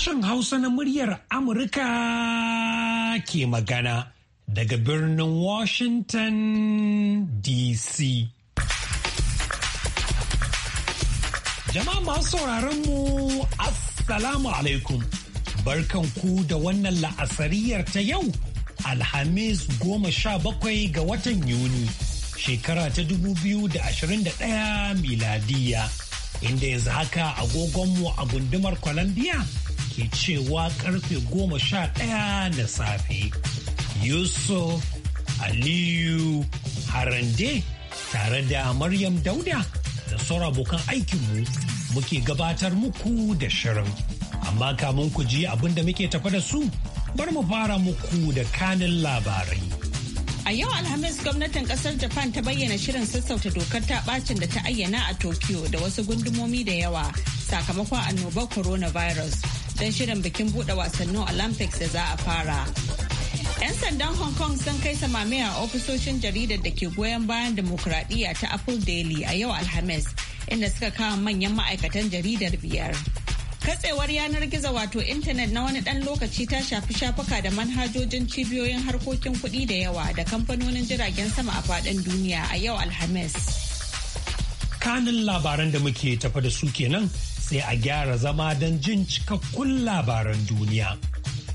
sashen Hausa na muryar Amurka ke magana daga birnin Washington DC. Jama'a masu sauraron mu Assalamu alaikum. Barkan ku da wannan la'asariyar ta yau Alhamis goma sha bakwai ga watan Yuni shekara ta dubu biyu da da ɗaya miladiya inda yanzu haka agogonmu a gundumar Colombia ke cewa karfe goma sha ɗaya na safe. Yusuf Aliyu Harande tare da Maryam Dauda da sauran abokan aikinmu muke gabatar muku da shirin. Amma kamun ku ji abin da muke tafa da su, bar mu fara muku da kanin labarai. A yau Alhamis gwamnatin kasar Japan ta bayyana shirin sassauta dokar ta bacin da ta ayyana a Tokyo da wasu gundumomi da yawa sakamakon annobar coronavirus. don shirin bikin buɗe wasannin olympics da za a fara 'yan sandan hong kong sun kai samami a ofisoshin jaridar da ke goyon bayan demokuraɗiyya ta apple daily a yau alhamis inda suka kawo manyan ma'aikatan jaridar biyar katsewar yanar gizo wato intanet na wani dan lokaci ta shafi shafuka da manhajojin cibiyoyin harkokin kuɗi da yawa da kamfanonin jiragen sama a faɗin duniya a yau alhamis kanin labaran da muke tafa da su kenan sai a gyara zama don jin cikakkun labaran duniya.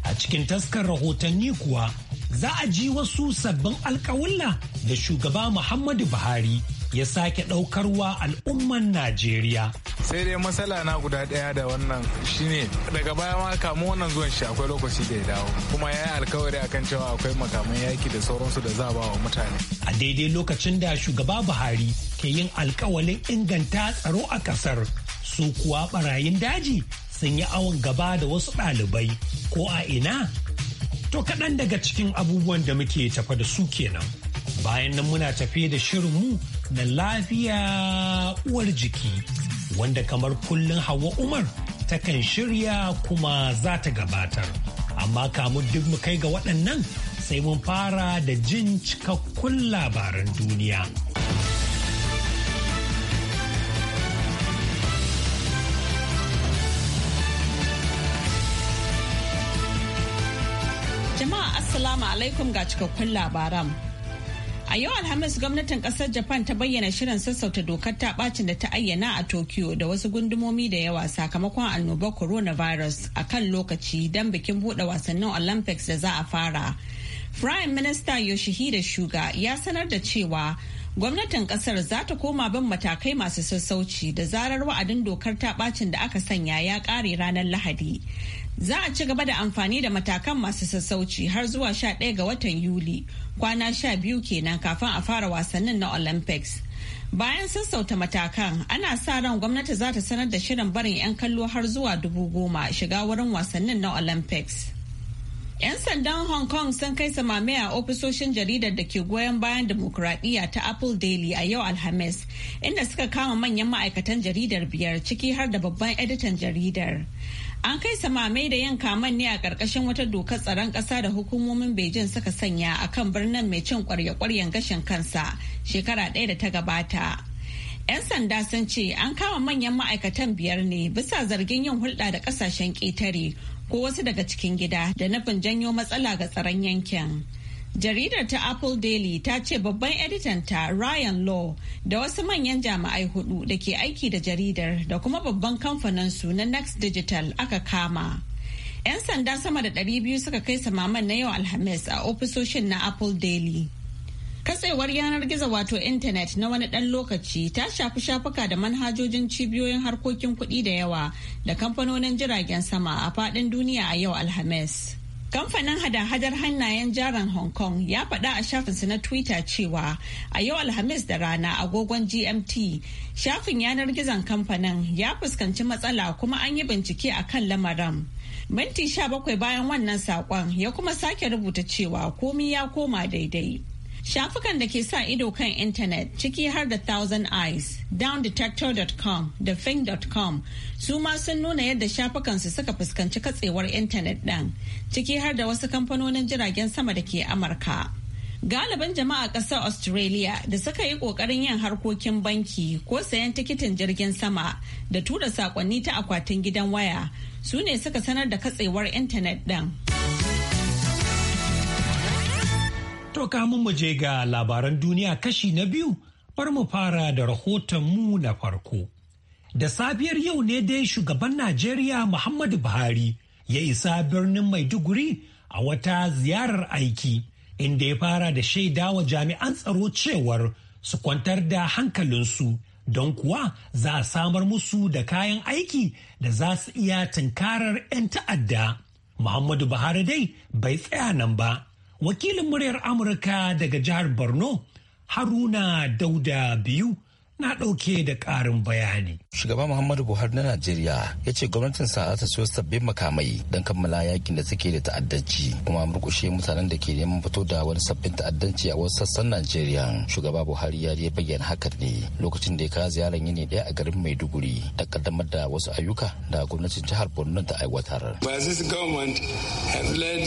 A cikin taskar rahotanni kuwa za a ji wasu sabbin alkawulla da shugaba Muhammadu Buhari ya sake ɗaukarwa al'umman Najeriya. Sai dai matsala na guda ɗaya da wannan shine daga baya ma kamun wannan zuwan shi akwai lokaci da ya dawo kuma ya yi alkawari akan cewa akwai makaman yaki da sauransu da za ba wa mutane. A daidai lokacin da shugaba Buhari ke yin alkawalin inganta tsaro a ƙasar su kuwa barayin daji sun yi awon gaba da wasu ɗalibai ko a ina to kaɗan daga cikin abubuwan da muke tafa da su kenan bayan nan muna tafe da shirinmu na lafiya uwar jiki wanda kamar kullum hawa umar takan shirya kuma za ta gabatar amma kamu duk mu kai ga waɗannan sai mun fara da jin cikakkun labaran duniya. Assalamu alaikum ga cikakkun labaran. A yau Alhamis gwamnatin kasar Japan ta bayyana shirin sassauta dokar ta bacin da ta ayyana a Tokyo da wasu gundumomi da yawa sakamakon annobar coronavirus a kan lokaci don bikin bude wasannin Olympics da za a fara. Prime Minister Yoshihide Shuga ya sanar da cewa gwamnatin kasar za ta koma bin matakai masu sassauci da zarar wa'adin dokar ta bacin da aka sanya ya kare ranar Lahadi. Za a ci gaba da amfani da matakan masu sassauci har zuwa 11 ga watan Yuli, kwana 12 kenan kafin a fara wasannin na Olympics. Bayan sassauta matakan, ana sa ran gwamnati za ta sanar da shirin barin 'yan kallo har zuwa dubu goma shiga wurin wasannin na Olympics. 'Yan sandan Hong Kong sun kai samame a ofisoshin jaridar da ke goyon bayan demokuraɗiyya ta Apple Daily a yau Alhamis, inda suka kama manyan ma'aikatan jaridar biyar ciki har da babban editan jaridar. An kai samame da yanka man ne a ƙarƙashin wata dokar tsaron ƙasa da hukumomin Beijing suka sanya a kan birnin mai cin ƙwarya-ƙwaryen gashin kansa shekara ɗaya da ta gabata. 'Yan sanda sun ce an kama manyan ma'aikatan biyar ne bisa zargin yin hulɗa da ƙasashen ƙetare ko wasu daga cikin gida da nufin janyo matsala ga tsaron yankin. Jaridar ta Apple Daily ta ce babban editanta Ryan Law da wasu manyan jami'ai hudu da ke aiki da jaridar da kuma babban kamfaninsu na Next Digital aka kama. 'Yan sanda sama da 200 suka kai samaman na yau Alhamis a ofisoshin na Apple Daily. Katsewar yanar gizo wato intanet na wani ɗan lokaci ta shafi shafuka da manhajojin cibiyoyin harkokin kuɗi da yawa da kamfanonin jiragen sama a faɗin duniya a yau Alhamis. Kamfanin hada-hadar hannayen jaran Hong Kong ya faɗa a shafinsa na Twitter cewa a yau Alhamis da rana agogon GMT shafin yanar gizon kamfanin ya fuskanci matsala kuma an yi bincike a kan lamarin. Minti 17 bayan wannan saƙon ya kuma sake rubuta cewa komi ya koma daidai. Shafukan da ke sa ido kan intanet ciki har da Thousand Eyes, downdetector.com da fing.com su ma sun nuna yadda shafukansu suka fuskanci katsewar intanet ɗin ciki har da wasu kamfanonin jiragen sama da ke Amurka. Galibin jama'a ƙasar Australia da suka yi ƙoƙarin yin harkokin banki ko sayan tikitin jirgin sama da tura saƙonni ta akwatin gidan waya su ne suka sanar da katsewar intanet ɗin. To kamun mu je ga labaran duniya kashi na biyu bar mu fara da rahoton mu na farko. Da safiyar yau ne dai shugaban Najeriya Muhammadu Buhari ya isa birnin Maiduguri a wata ziyarar aiki inda ya fara da shaidawa jami'an tsaro cewar su kwantar da hankalinsu don kuwa za a samar musu da kayan aiki da za su iya tunkarar 'yan ta'adda. Muhammadu Buhari dai bai tsaya nan ba. wakilin muryar amurka daga jihar borno haruna dauda biyu na ɗauke da ƙarin bayani. Shugaba Muhammadu Buhari na Najeriya ya ce gwamnatin sa za ta siyo sabbin makamai don kammala yakin da suke da ta'addanci kuma murkushe mutanen da ke neman fito da wani sabbin ta'addanci a wasu sassan Najeriya. Shugaba Buhari ya je bayyana haka ne lokacin da ya kawo ziyarar yini ɗaya a garin Maiduguri da kaddamar da wasu ayyuka da gwamnatin jihar Borno ta aiwatar. By government has led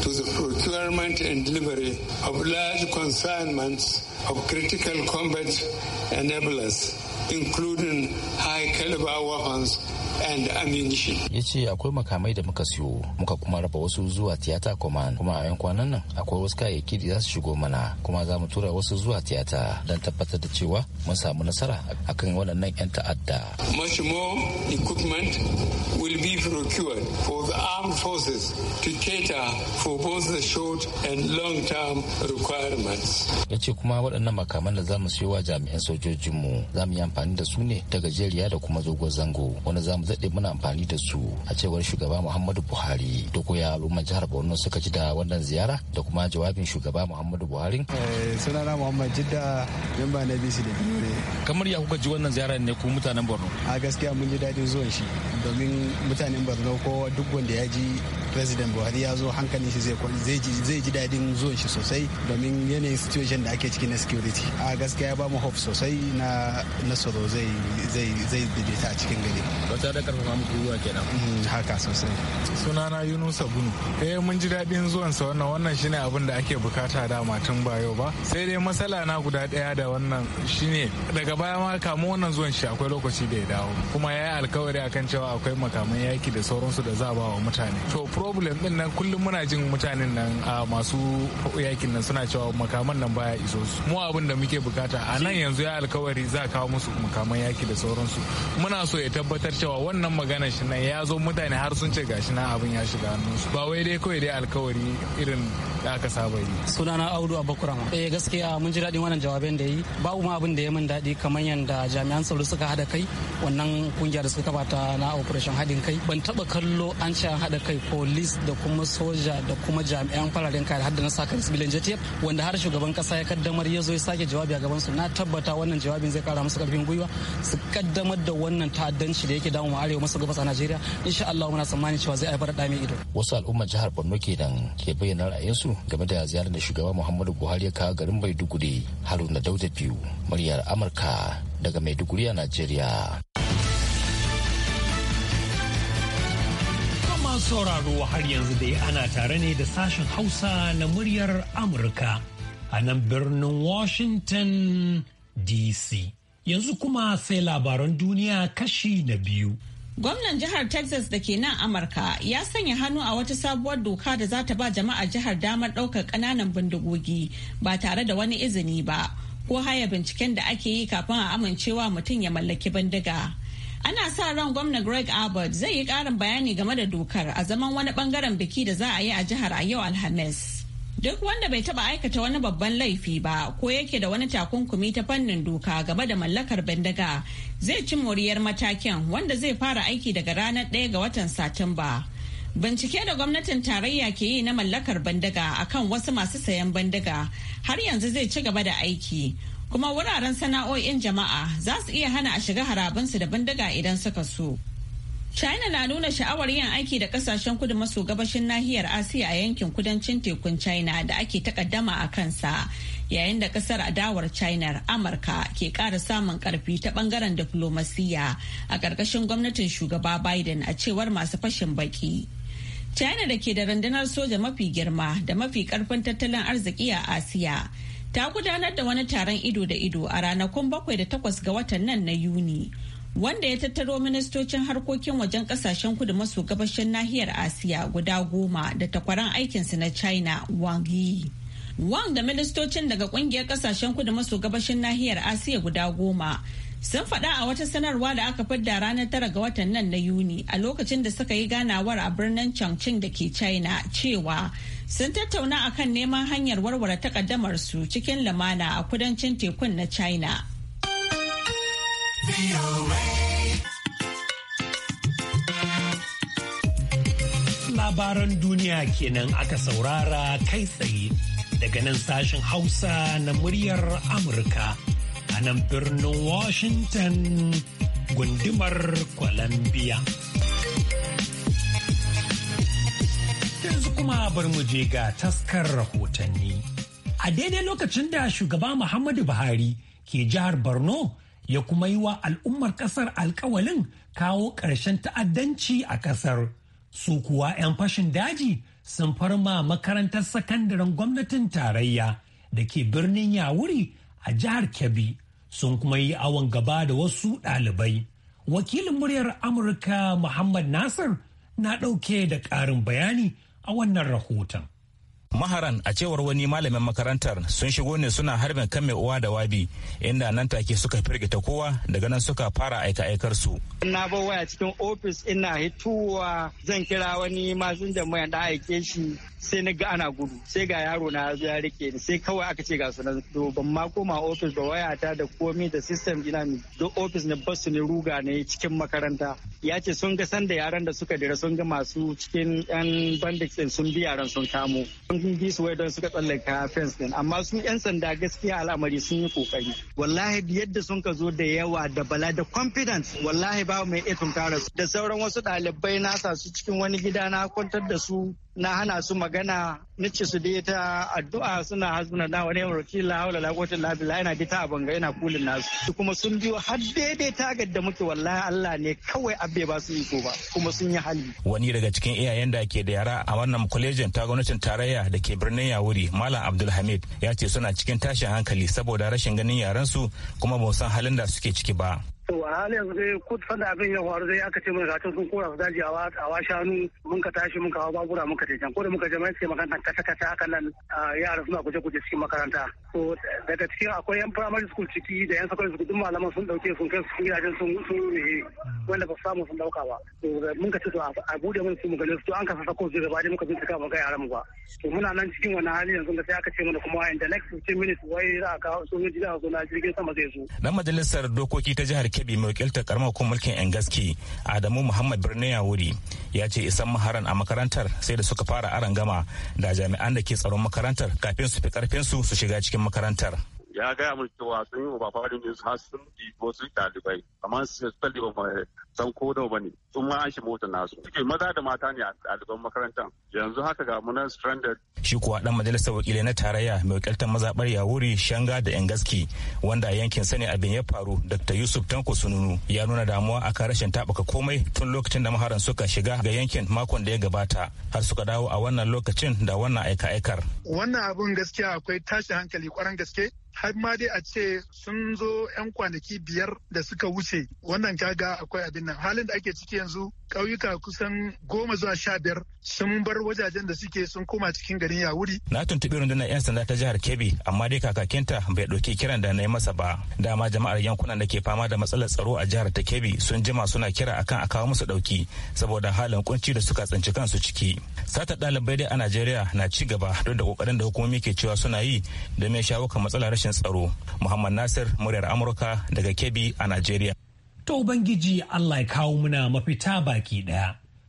to the procurement and delivery of large consignments of critical combat enablers including high caliber weapons and ammunition. Ya ce akwai makamai da muka siyo muka kuma raba wasu zuwa tiyata command kuma a 'yan kwanan nan akwai wasu kayayyaki da za su shigo mana kuma za mu tura wasu zuwa tiyata don tabbatar da cewa mun samu nasara akan waɗannan 'yan ta'adda. Much more equipment will be procured for the armed forces to cater for both the short and long term requirements. Ya ce kuma waɗannan makaman da za mu siyo wa jami'an sojojinmu za mu yi amfani da su ne ta gajeriya da kuma zogon zango wanda za mu zaɗe muna amfani da su a cewar shugaba muhammadu buhari da koya al'ummar jihar borno suka ji da wannan ziyara da kuma jawabin shugaba muhammadu buhari eh, sunana muhammad jidda memba na bisi da biyu kamar ya kuka ji wannan ziyara ne ku mutanen borno a gaskiya mun ji daɗin zuwan shi domin mutanen borno ko duk wanda ya ji president buhari ya zo hankalin shi zai ji daɗin zuwan shi sosai domin yanayin situation da ake ciki na security a gaskiya ya ba mu hope sosai na tsaro zai zai zai ta cikin gari wata da karfafa muku gwiwa kenan mm, haka sosai sunana Yunusa Bunu. eh mun ji daɗin zuwan sa wannan wannan shine abin da ake bukata dama tun ba yau ba sai dai matsala na guda ɗaya da wannan shine daga baya ma kamu wannan zuwan shi akwai lokaci da ya dawo kuma ya yi alkawari akan cewa akwai makaman yaki da sauransu da za a ba wa mutane to problem din nan kullum muna jin mutanen nan a masu yakin nan suna cewa makaman nan baya iso su mu abin da muke bukata a nan yanzu ya alkawari za a kawo musu makaman yaki da sauransu muna so ya tabbatar cewa wannan magana shi nan ya zo mutane har sun ce gashi na abin ya shiga hannunsu ba wai dai kawai dai alkawari irin da aka saba yi sunana audu abakurama eh gaskiya mun ji daɗin wannan jawabin da yi babu ma abin da ya min daɗi kamar yadda jami'an tsaro suka haɗa kai wannan kungiyar da suka kabata na operation haɗin kai ban taɓa kallo an ce an haɗa kai police da kuma soja da kuma jami'an fararen kai har da na saka civilian jtf wanda har shugaban kasa ya kaddamar ya zo ya sake jawabi a gaban su na tabbata wannan jawabin zai kara musu karfin gwiwa su kaddamar da wannan ta'addanci da yake damu arewa maso gabas a Najeriya insha Allah muna tsammanin cewa zai haifar da mai ido wasu al'umma jihar Borno kenan ke bayyana ra'ayinsu game da ziyarar da shugaba Muhammadu Buhari ya kawo garin Maiduguri Haruna Dauda biyu muryar Amurka daga Maiduguri a Najeriya sauraro har yanzu dai ana tare ne da sashen hausa na muryar amurka a nan birnin washington dc Yanzu kuma sai labaran duniya kashi na biyu. Gwamnan jihar Texas da ke nan Amurka ya sanya hannu a wata sabuwar doka da za ta ba jama'a jihar damar ɗaukar ƙananan bindigogi ba tare da wani izini ba ko haya binciken da ake yi kafin a amincewa mutum ya mallaki bindiga. Ana sa ran gwamna Greg Abbott zai yi ƙarin bayani game da dokar a zaman wani ɓangaren biki da za a yi a jihar a yau Alhamis. Duk wanda bai taba aikata wani babban laifi ba ko yake da wani takunkumi ta fannin doka game da mallakar bindiga zai ci moriyar matakin wanda zai fara aiki daga ranar 1 ga watan Satumba. Bincike da gwamnatin tarayya ke yi na mallakar bindiga akan wasu masu sayan bindiga har yanzu zai ci gaba da aiki. Kuma wuraren sana'o'in jama'a za su iya hana a shiga harabinsu da bindiga idan suka so. China na nuna sha'awar yin aiki da kasashen kudu maso gabashin nahiyar Asiya a yankin kudancin tekun China da ake takaddama a kansa yayin da kasar adawar China Amurka ke kara samun karfi ta bangaren diflomasiyya a karkashin gwamnatin shugaba Biden a cewar masu fashin baki. China da ke da rundunar soja mafi girma da mafi karfin tattalin arziki a Asiya ta gudanar da wani taron ido da ido a ranakun bakwai da takwas ga watan nan na Yuni. wanda ya tattaro ministocin harkokin wajen kasashen kudu maso gabashin nahiyar asiya guda goma da takwaran aikinsu na china wang yi wang da ministocin daga kungiyar kasashen kudu maso gabashin nahiyar asiya guda goma sun faɗa a wata sanarwa da aka fidda ranar tara ga watan nan na yuni a lokacin da suka yi ganawar a birnin changchun da ke china cewa sun tattauna akan neman hanyar warware takaddamar su cikin lamana a kudancin tekun na china Labaran duniya kenan aka saurara kai tsaye daga nan sashen Hausa na muryar Amurka a nan birnin Washington gundumar Columbia. Yanzu kuma bar mu je ga taskar rahotanni. A daidai lokacin da shugaba Muhammadu Buhari ke jihar Borno ya kuma yi wa al'ummar kasar alkawalin kawo ƙarshen ta'addanci a kasar su kuwa 'yan fashin daji sun farma makarantar sakandaren gwamnatin tarayya da ke birnin yawuri a jihar kebbi sun kuma yi awon gaba da wasu ɗalibai wakilin muryar amurka muhammad nasir na ɗauke da ƙarin bayani a wannan rahoton maharan a cewar wani malamin makarantar sun shigo ne suna harbin kan mai uwa da wabi inda nan take suka firgita kowa daga nan suka fara aika aikar su na bar waya cikin ofis ina hituwa zan kira wani masinjan mai da aike shi sai na ga ana gudu sai ga yaro na ya rike ni sai kawai aka ce ga su na to ban ma koma ofis ba wayata da komi da system ina mi do ofis ne bas ne ruga ne cikin makaranta ya ce sun ga sanda yaran da suka dira sun ga masu cikin yan bandits din sun bi yaran sun kamo sun bi su wai don suka tsallaka fence din amma su yan sanda gaskiya al'amari sun yi kokari wallahi yadda sun ka zo da yawa da bala da confidence wallahi babu mai iya tunkara da sauran wasu ɗalibai na sa su cikin wani gida na kwantar da su na hana su magana na ce su dai ta addu'a suna hasbuna na wani yawon wakil la haula la quwwata illa billah ina gita banga ina kulin nasu kuma sun biyo har daidai tagar da muke wallahi Allah ne kawai abbe ba su iko ba kuma sun yi hali wani daga cikin iyayen da ke da yara a wannan kwalejin ta gwamnatin tarayya da ke birnin Yawuri Malam Abdulhamid ya ce suna cikin tashin hankali saboda rashin ganin yaran su kuma ba san halin da suke ciki ba to a halin yanzu dai ko sanda abin ya faru dai aka ce mun gatan sun kora su daji a wa shanu mun ka tashi mun ka hawa babura mun ka je can ko da muka je mai sai makaranta kasa kasa haka nan yara suna guje guje cikin makaranta to daga cikin akwai yan primary school ciki da yan secondary school duk malaman sun dauke sun kai sun gidajen sun sun ne wanda ba samu sun dauka ba to mun ka ce to a bude mun su mu gane to an ka sasa ko su gaba dai muka bin mu ga yaran mu ba to muna nan cikin wani hali yanzu da sai aka ce mana kuma in the next 15 minutes wai za ka so ne jira a na jirgin sama zai zo dan majalisar dokoki ta jihar keɓe wakiltar karamar mulkin yan gaske adamu muhammad birnin yawuri ya ce isan maharan a makarantar sai da suka fara aran gama da jami'an da ke tsaron makarantar kafin su fi karfin su su shiga cikin makarantar ya gaya mun cewa sun yi overcrowding din har sun ɗibo su ɗalibai amma especially ba san ko da ba ne sun ma an shi mota nasu suke maza da mata ne a ɗaliban makarantar yanzu haka ga munan stranded. shi kuwa dan majalisar wakilai na tarayya mai wakiltar mazaɓar wuri shanga da yan gaski wanda yankin sani abin ya faru dr yusuf tanko sununu ya nuna damuwa akan rashin taɓaka komai tun lokacin da maharan suka shiga ga yankin makon da ya gabata har suka dawo a wannan lokacin da wannan aika-aikar. wannan abun gaskiya akwai tashin hankali kwaran gaske har ma dai a ce sun zo 'yan kwanaki biyar da suka wuce wannan kaga akwai abin nan halin da ake ciki yanzu ƙauyuka kusan goma zuwa sha biyar sun bar wajajen da suke sun koma cikin garin yawuri. na tuntuɓi rundunar 'yan sanda ta jihar kebbi amma dai kakakinta bai ɗauki kiran da na yi masa ba dama jama'ar yankunan da ke fama da matsalar tsaro a jihar ta kebbi sun jima suna kira akan a kawo musu ɗauki saboda halin kunci da suka tsinci kansu ciki sata ɗalibai dai a najeriya na ci gaba duk da ƙoƙarin da hukumomi ke cewa suna yi domin shawo kan matsalar rashin harkokin tsaro muhammad nasir muryar amurka daga kebbi a najeriya ta ubangiji allah ya kawo muna mafita baki ɗaya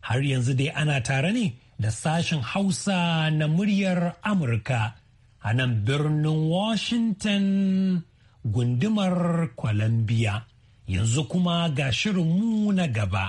har yanzu dai ana tare ne da sashen hausa na muryar amurka a nan birnin washington gundumar columbia yanzu kuma ga shirinmu na gaba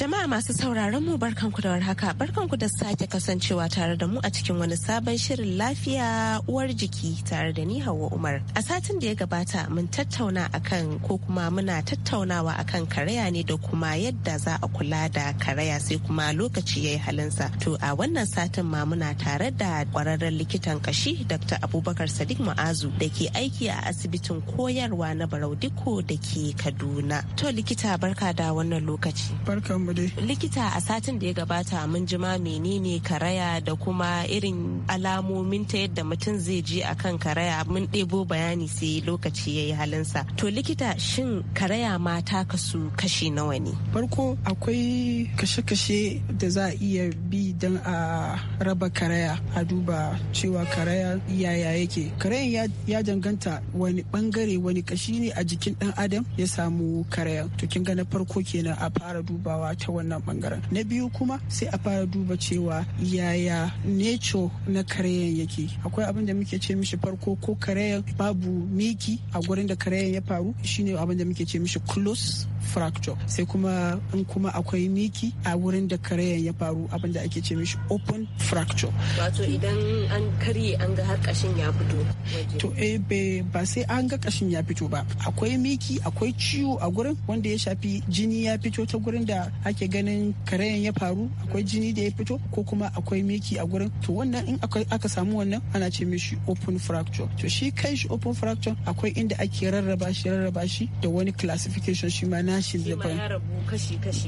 Jama'a masu sauraron mu barkanku da warhaka barkanku da sake kasancewa tare da mu a cikin wani sabon shirin lafiya uwar jiki tare da ni Hauwa Umar. A satin da ya gabata mun tattauna akan ko kuma muna tattaunawa akan karaya ne da kuma yadda za a kula da karaya sai kuma lokaci yayi halinsa. To a wannan satin ma muna tare da kwararren likitan kashi Dr. Abubakar Sadiq Ma'azu da ke aiki a asibitin koyarwa na Barau Dikko da ke Kaduna. To likita barka da wannan lokaci. Barkan mu dai likita a satin da ya gabata mun jima menene karaya da kuma irin alamomin ta yadda mutum zai ji kan karaya mun ɗebo bayani sai lokaci ya yi halinsa to likita shin karaya ma ta kasu kashi nawa ne farko akwai kashe-kashe da za a iya bi don a raba karaya a duba cewa karaya yaya yake karayan ya danganta wani bangare wani kashi ne a jikin dan adam ya samu karaya to kin ga na farko kenan a fara dubawa ta wannan bangaren na biyu kuma sai a fara duba cewa yaya neco na karayen yake akwai abin da muke ce mishi farko ko karayen babu miki a gurin da karayen ya faru shine abin da muke ce mishi close fracture sai kuma in kuma akwai miki a wurin da karayen ya faru abin da ake ce mishi open fracture wato idan an karye an ga har kashin ya fito to eh ba sai an ga kashin ya fito ba akwai miki akwai ciwo a gurin wanda ya shafi jini ya fito ta gurin da ake ganin karayan ya faru akwai jini da ya fito ko kuma akwai miki a gurin to wannan in aka samu wannan ana ce mishi open fracture to shi kai shi open fracture akwai inda ake rarraba shi rarraba shi da wani classification shi ma nashi daban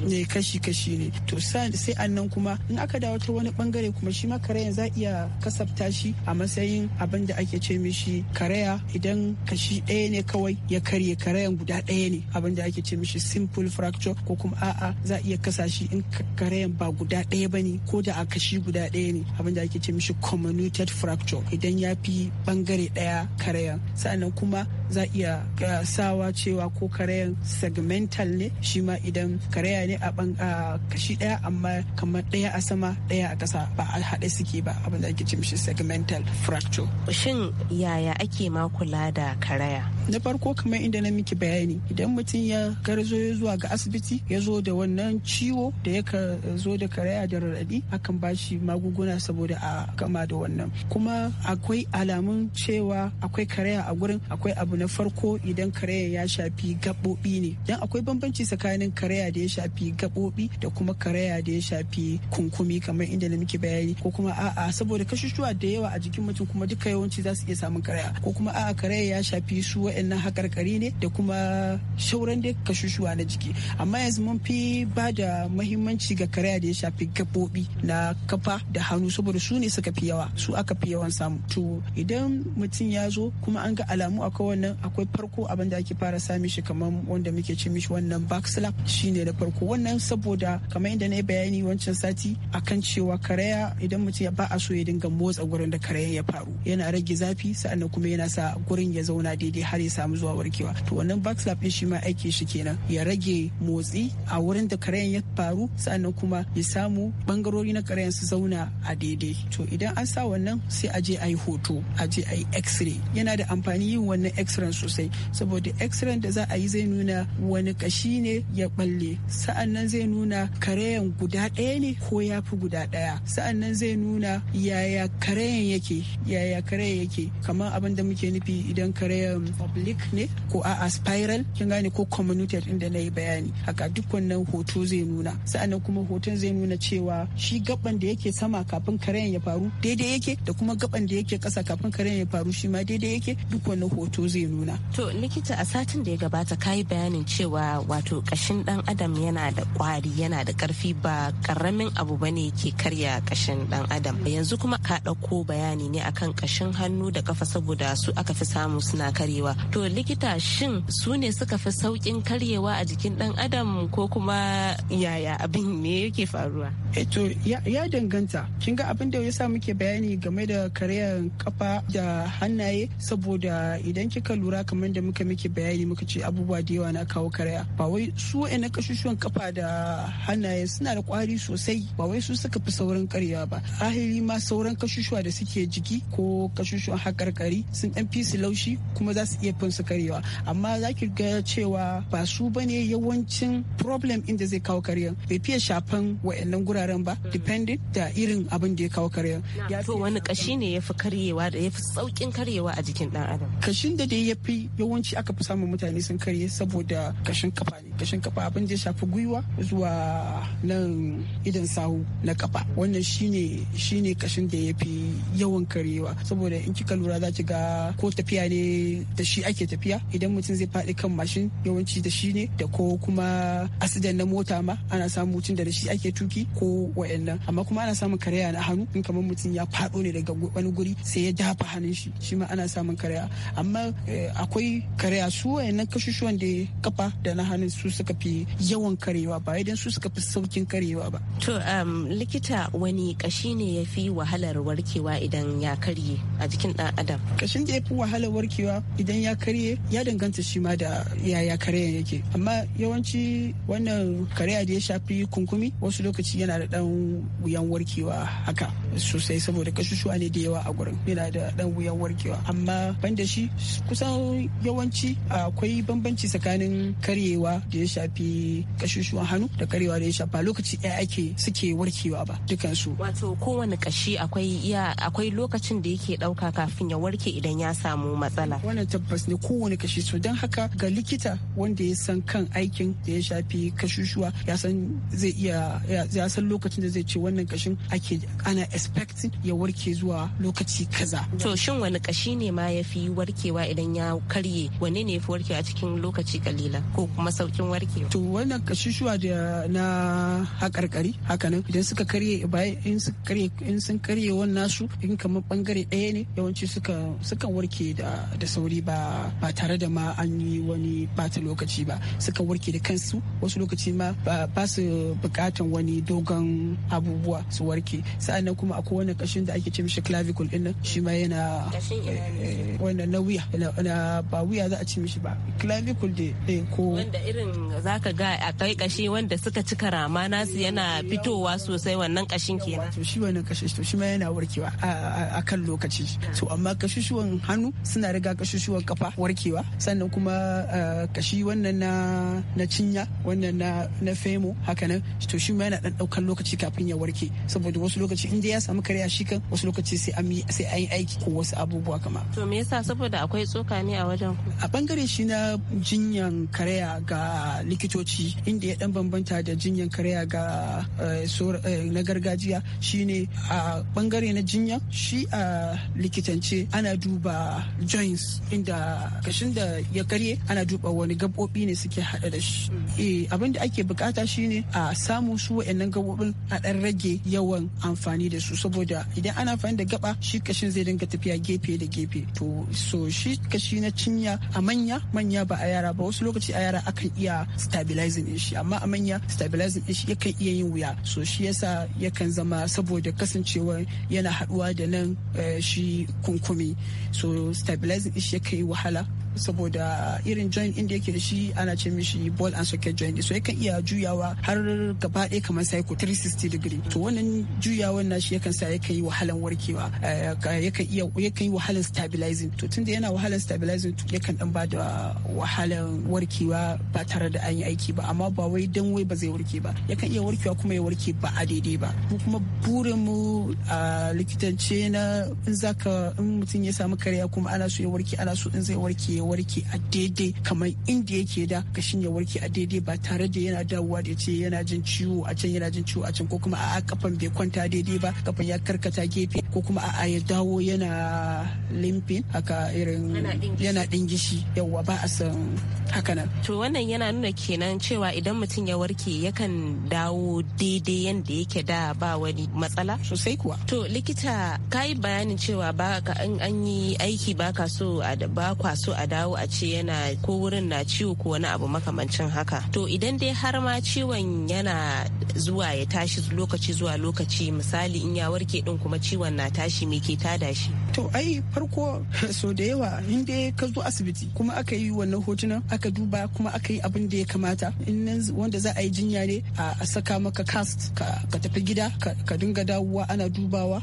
ne kashi kashi ne to sai annan kuma in aka dawo ta wani bangare kuma shi ma karayan za iya kasafta shi a matsayin abin da ake ce mishi karaya idan kashi ɗaya ne kawai ya karye karayan guda ɗaya ne abin da ake ce mishi simple fracture ko kuma a'a za iya iya kasa in karayan ba guda ɗaya ba ne ko da a kashi guda ɗaya ne abin da ake ce mishi comminuted fracture idan ya fi bangare ɗaya karayan sannan kuma za iya sawa cewa ko karayan segmental ne shi ma idan karaya ne a kashi daya amma kamar daya a sama daya a kasa ba a haɗe suke ba abin da ake mishi segmental fracture shin yaya ake ma kula da karaya na farko kamar inda na miki bayani idan mutum ya garzo ya zuwa ga asibiti ya zo da wannan ciwo da ya zo da karaya da raɗaɗi akan ba shi magunguna saboda a gama da wannan kuma akwai alamun cewa akwai karaya a gurin akwai abu na farko idan karaya ya shafi gaɓoɓi ne don akwai bambanci tsakanin karaya da ya shafi gaɓoɓi da kuma karaya da ya shafi kunkumi kamar inda na muke bayani ko kuma a'a saboda kashushuwa da yawa a jikin mutum kuma duka yawanci za su iya samun karaya ko kuma a'a karaya ya shafi su wa'annan haƙarƙari ne da kuma shauran da kashushuwa na jiki amma yanzu mun fi ba da mahimmanci ga karaya da ya shafi gaɓoɓi na kafa da hannu saboda su ne suka fi yawa su aka fi yawan samu to idan mutum ya zo kuma an ga alamu a wannan akwai farko abin da ake fara sami shi kamar wanda muke ce mishi wannan back slap ne da farko wannan saboda kamar inda na yi bayani wancan sati a kan cewa karaya idan mutum ba a so ya dinga motsa gurin da karayan ya faru yana rage zafi sa'annan kuma yana sa gurin ya zauna daidai har ya samu zuwa warkewa to wannan back slap din shi ma aiki shi kenan ya rage motsi a wurin da karayan ya faru sa'annan kuma ya samu bangarori na karayan su zauna a daidai to idan an sa wannan sai a je a yi hoto a je a yi x-ray yana da amfani yin wannan x-ray x-ray sosai saboda x da za a yi zai nuna wani kashi ne ya balle nan zai nuna karayan guda ɗaya ne ko ya fi guda ɗaya nan zai nuna yaya karayan yake yaya karayan yake kamar abin da muke nufi idan karayan public ne ko a spiral kin gane ko comminuted inda na yi bayani haka duk wannan hoto zai nuna sa'an nan kuma hoton zai nuna cewa shi gaban da yake sama kafin karayan ya faru daidai yake da kuma gaban da yake ƙasa kafin karayan ya faru shi ma daidai yake duk wannan hoto zai zai nuna to likita a satin da ya gabata ka yi bayanin cewa wato kashin dan adam yana da kwari yana da karfi ba karamin abu ne ke karya kashin dan adam yanzu kuma ka dauko bayani ne akan kashin hannu da kafa saboda su aka fi samu suna karyewa to likita shin su ne suka fi saukin karyewa a jikin dan adam ko kuma yaya abin ne yake faruwa eh, to ya danganta kin ga abin da ya sa muke bayani game da karyar kafa da hannaye saboda idan kika muka lura kamar da muka miki bayani muka ce abubuwa da yawa na kawo karaya ba wai su na kashushuwan kafa da hannaye suna da kwari sosai ba wai su suka fi sauran karyawa ba ahiri ma sauran kashushuwa da suke jiki ko kashushuwan hakarkari sun dan fi su laushi kuma za su iya fin su karyewa amma za ki ga cewa ba su ba ne yawancin problem inda zai kawo karyan bai fiye shafan wa'annan guraren ba depending da irin abin da ya kawo karyan. to wani kashi ne ya fi karyewa da ya fi saukin karyewa a jikin dan adam. kashin da dai ya fi yawanci aka fi samun mutane sun karye saboda kashin kafa ne kashin kafa abin da ya shafi gwiwa zuwa nan idan sahu na kafa wannan shine shine kashin da ya fi yawan karyewa saboda in kika lura za ki ga ko tafiya ne da shi ake tafiya idan mutum zai faɗi kan mashin yawanci da shi ne da ko kuma asidan na mota ma ana samun mutum da da shi ake tuki ko wayannan amma kuma ana samun karaya na hannu in kamar mutum ya faɗo ne daga wani guri sai ya dafa hannun shi shi ma ana samun karaya amma Eh, akwai karya su wayannan kashushuwan da kafa da na hannun su suka fi yawan karewa ba idan su suka fi saukin karewa ba to um, likita wani kashi ne ya fi wahalar warkewa idan ya karye a jikin dan adam kashin da ya fi wahalar warkewa idan ya karye ya danganta shi ma da yaya karyan yake amma yawanci wannan karya da ya shafi kunkumi wasu lokaci yana da dan wuyan warkewa haka sosai saboda kasusuwa ne da yawa a gurin yana da dan wuyan warkewa amma ban da shi kusan yawanci akwai bambanci tsakanin karyewa da ya shafi kashushuwan hannu da karyewa da ya shafi lokaci ɗaya ake suke warkewa ba dukansu wato kowane kashi akwai iya akwai lokacin da yake ɗauka kafin ya warke idan ya samu matsala wannan tabbas ne kowane kashi so don haka ga likita wanda ya san kan aikin da ya shafi kashushuwa ya san zai iya ya san lokacin da zai ce wannan kashin ake ana expecting ya warke zuwa lokaci kaza to shin wani kashi ne ma ya fi warkewa idan ya karye wanne ne ya fi warkewa cikin lokaci kalila ko kuma saukin warkewa to wannan shuwa da na hakarkari hakanan idan suka karye bayan in in sun karye wannan nasu in kamar bangare ɗaya ne yawanci suka warke da sauri ba tare da ma an yi wani bata lokaci ba suka warke da kansu wasu lokaci ma ba su bukatan wani dogon abubuwa su warke sa'annan kuma kuma akwai wani kashin da ake ce mishi clavicle din nan shi ma yana eh, eh, wanda na wuya na ba wuya za a ce mishi ba clavicle de eh, ko wanda irin zaka ga akwai kashi wanda suka cika rama nasu yana fitowa sosai wannan kashin kenan to shi wannan kashin to shi ma yana warkewa a kan lokaci to amma kashishuwan hannu suna riga kashishuwan kafa warkewa sannan kuma kashi wannan na na cinya wannan na na femo haka nan to shi ma yana dan daukan lokaci kafin ya warke saboda wasu lokaci inda ya samu karya shi kan wasu lokaci sai an yi aiki ko wasu abubuwa kama. To me yasa saboda akwai tsoka ne a wajen ku? A bangare shi na jinyan karaya ga likitoci inda ya dan bambanta da jinyan karaya ga eh, eh, na gargajiya shine a bangare na jinya shi a likitance ana duba joints inda kashin da ya karye ana duba wani gabobi ne suke hada da shi. Eh, abin da ake bukata shine a samu su wa'annan gabobin a dan rage yawan amfani da su su saboda idan ana amfani da gaba shi kashin zai dinga tafiya gefe da gefe to so shi kashi na cinya a manya manya ba a yara ba wasu lokaci a yara akan iya stabilizing din shi amma a manya stabilizing din shi yakan iya yin wuya so shi yasa yakan zama saboda kasancewa yana haduwa da nan eh, shi kunkumi so stabilizing din shi yakan yi wahala saboda irin joint in da yake da shi ana ce mishi ball and socket joint so yakan iya juyawa har gaba ɗaya kamar ko 360 degree to wannan juyawan nashi yakan sa yakan yi wahalan warkewa eh, yakan iya yakan yi wahalan stabilizing to tunda yana wahalan stabilizing to yakan dan da wahalan warkewa ba tare da an yi aiki ba amma ba wai dan wai ba zai warke ba yakan iya warkewa kuma ya warke ba a daidai ba mu kuma burin mu a likitance na in zaka in mutum ya samu karya kuma ana so ya warke ana so in zai warke ya warke a daidai kamar inda yake da kashin ya warke a daidai ba tare da yana dawowa da ce yana jin ciwo a can yana jin ciwo a can ko kuma a kafan bai kwanta daidai ba kafan ya karkata gefe ko kuma a ya dawo yana limfin haka irin yana dingishi yawa ba a san haka nan to wannan yana nuna kenan cewa idan mutum ya warke yakan dawo daidai yanda yake da ba wani matsala sosai kuwa to likita ka yi bayanin cewa ba ka an yi aiki ba ka so a ba kwa so a dawo a ce yana ko wurin na ciwo ko wani abu makamancin haka to idan dai har ma ciwon yana zuwa ya tashi lokaci zuwa lokaci misali in ya warke din kuma ciwon na tashi me ke tada shi to ai farko so da yawa in ka zo asibiti kuma aka yi wannan hotunan aka duba kuma aka yi abin da ya kamata in wanda za a yi jinya ne a saka maka kast ka tafi gida ka dinga dawowa ana dubawa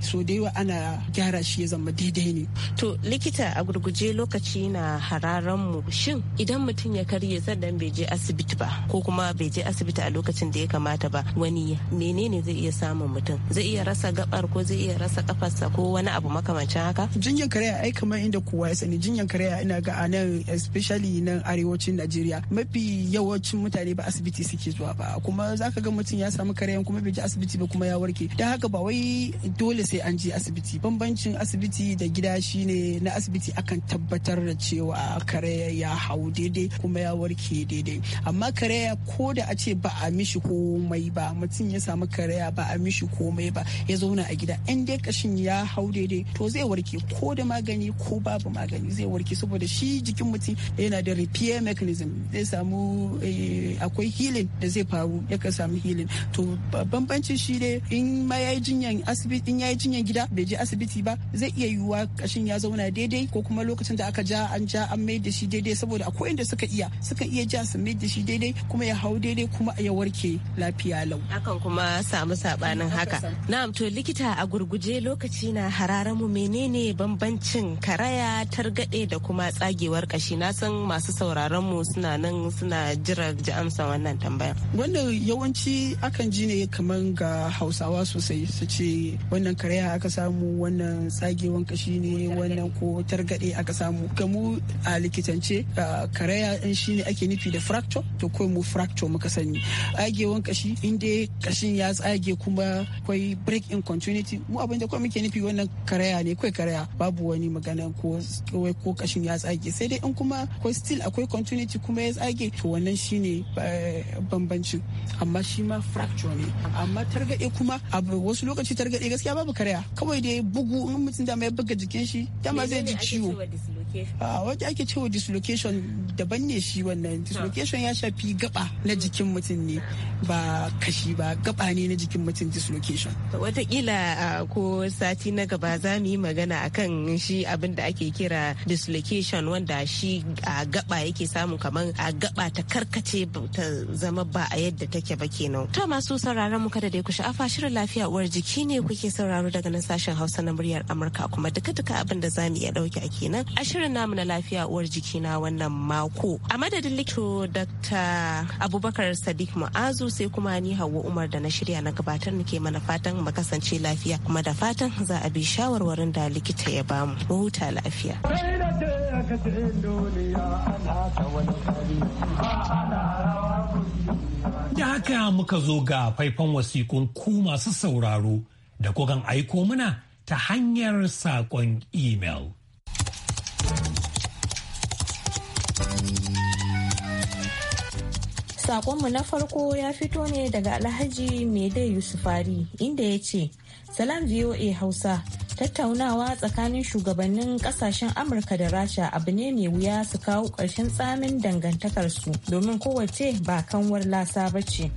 so da yawa ana gyara shi ya zama daidai ne to likita a gurguje lokaci na hararan mu shin idan mutum ya karye sannan bai je asibiti ba ko kuma bai je asibiti a lokacin da ya kamata ba wani menene zai iya samun mutum zai iya rasa gabar ko zai iya rasa kafarsa ko wani abu maka makamancin haka jinyan karaya ai kamar inda kowa ya sani jinyan karaya ina ga a nan especially nan arewacin Najeriya mafi yawancin mutane ba asibiti suke zuwa ba kuma zaka ga mutum ya samu karayan kuma bai je asibiti ba kuma ya warke dan haka ba wai dole sai an je asibiti bambancin asibiti da gida shine na asibiti akan tabbatar da cewa karaya ya hau daidai kuma ya warke daidai amma karaya ko da a ce ba a mishi komai ba mutum ya samu karaya ba a mishi komai ba ya zauna a gida in dai kashin ya hau daidai to zai warke ko da magani ko babu magani zai warke saboda shi jikin mutum yana da repair mechanism zai samu eh, akwai healing da zai faru yakan samu healing to bambancin shi ne in ma yi jinyan asibiti in yi jinyan gida bai je asibiti ba zai iya yiwuwa kashin ya zauna daidai ko kuma lokacin da aka ja an ja an mai da shi daidai saboda akwai inda suka iya suka iya ja su mai da shi daidai kuma ya hau daidai kuma ya warke lafiya lau Hakan kuma samu sabanin haka na'am to likita a gurguje lokaci na hararan mu menene bambancin karaya targade da kuma tsagewar kashi na san masu sauraron mu suna nan suna jira ji amsa wannan tambaya Wannan yawanci akan ji ne kamar ga hausawa sosai su ce wannan karaya aka samu wannan tsagewar kashi ne wannan ko targade aka samu kamu a likitance karaya in shi ne ake nufi da fracture to ko mu fracture muka sani tsagewar kashi in dai kashin ya tsage kuma akwai break in continuity mu abin da kuma muke nufi wannan karaya ne kawai karaya babu wani magana ko kawai ko kashin ya tsage sai dai in kuma ko still akwai continuity kuma ya tsage to wannan shine eh, bambancin amma shi ma fracture ne amma targade kuma a wasu lokaci targaɗe gaskiya babu karaya kawai dai bugu in mutum da ya buga jikin shi dama zai ji ciwo a ah, wace ake cewa dislocation daban ne shi wannan dislocation ya shafi gaba na jikin mutum ne ba kashi ba gaba ne na jikin mutum dislocation watakila ah, ko sati na gaba za mu yi magana akan shi abin da ake kira dislocation wanda shi a ah, gaba yake samu kamar a gaba ta karkace ta zama ba a yadda take ba kenan to masu sauraron mu kada dai ku sha'afa shirin lafiya uwar jiki ne kuke sauraro daga nan sashen hausa na muryar amurka kuma duka-duka abin da za mu iya dauke a kenan shirin namu na lafiya uwar jiki na wannan mako. A madadin likito Dr. Abubakar Sadiq Ma'azu sai kuma ni Hauwa Umar da na shirya na gabatar nake mana fatan mu kasance lafiya kuma da fatan za a bi shawarwarin da likita ya bamu. Mu huta lafiya. Da haka muka zo ga faifan wasikun ku masu sauraro da kukan aiko mana ta hanyar saƙon imel. Sakonmu na farko ya fito ne daga Alhaji Mede Yusufari inda ya ce, Salam VOA Hausa, tattaunawa tsakanin shugabannin kasashen Amurka da Rasha abu ne mai wuya su kawo ƙarshen tsamin dangantakarsu domin kowace ba kanwar lasa ba ce.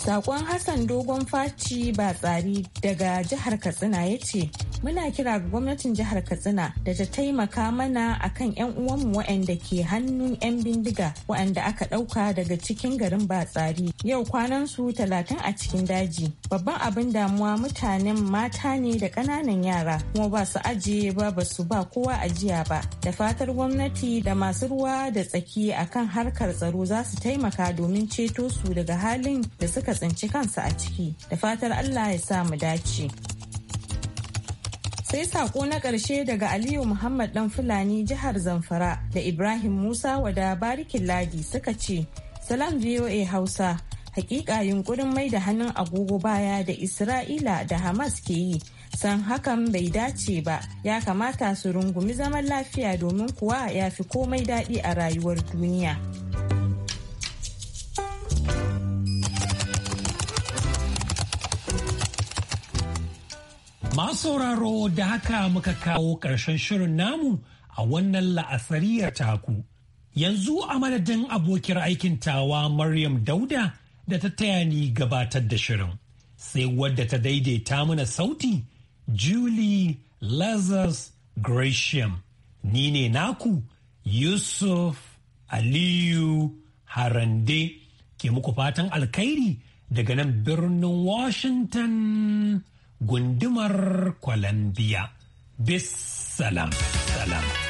Sakon Hassan Dogon Faci ba tsari daga jihar Katsina ya ce, muna kira ga gwamnatin jihar katsina da ta taimaka mana a kan 'yan uwanmu waɗanda ke hannun 'yan bindiga waɗanda aka ɗauka daga cikin garin batsari yau kwanan su talatin a cikin daji babban abin damuwa mutanen mata ne da ƙananan yara kuma ba su ajiye ba ba su ba kowa ajiya ba da fatar gwamnati da masu ruwa da tsaki akan harkar tsaro za su taimaka domin ceto su daga halin da suka tsinci kansu a ciki da fatar allah ya sa mu dace sai sako na ƙarshe daga aliyu muhammad dan fulani jihar zamfara da ibrahim musa wada barikin ladi suka ce salam voa hausa hakika yunkurin mai da hannun agogo baya da isra'ila da hamas ke yi san hakan bai dace ba ya kamata su rungumi zaman lafiya domin kuwa ya fi komai daɗi a rayuwar duniya Masu sauraro da haka muka kawo ƙarshen shirin namu a wannan la'asariyar taku. Yanzu a madadin abokin aikin tawa Maryam Dauda da ta taya ni gabatar da shirin. Sai wadda ta daidaita mana sauti, Julie Lazarus Gratiam. Ni ne naku Yusuf Aliyu Harande ke muku fatan Alkairi daga nan birnin Washington. gundumar Columbia. Bis salam. salam.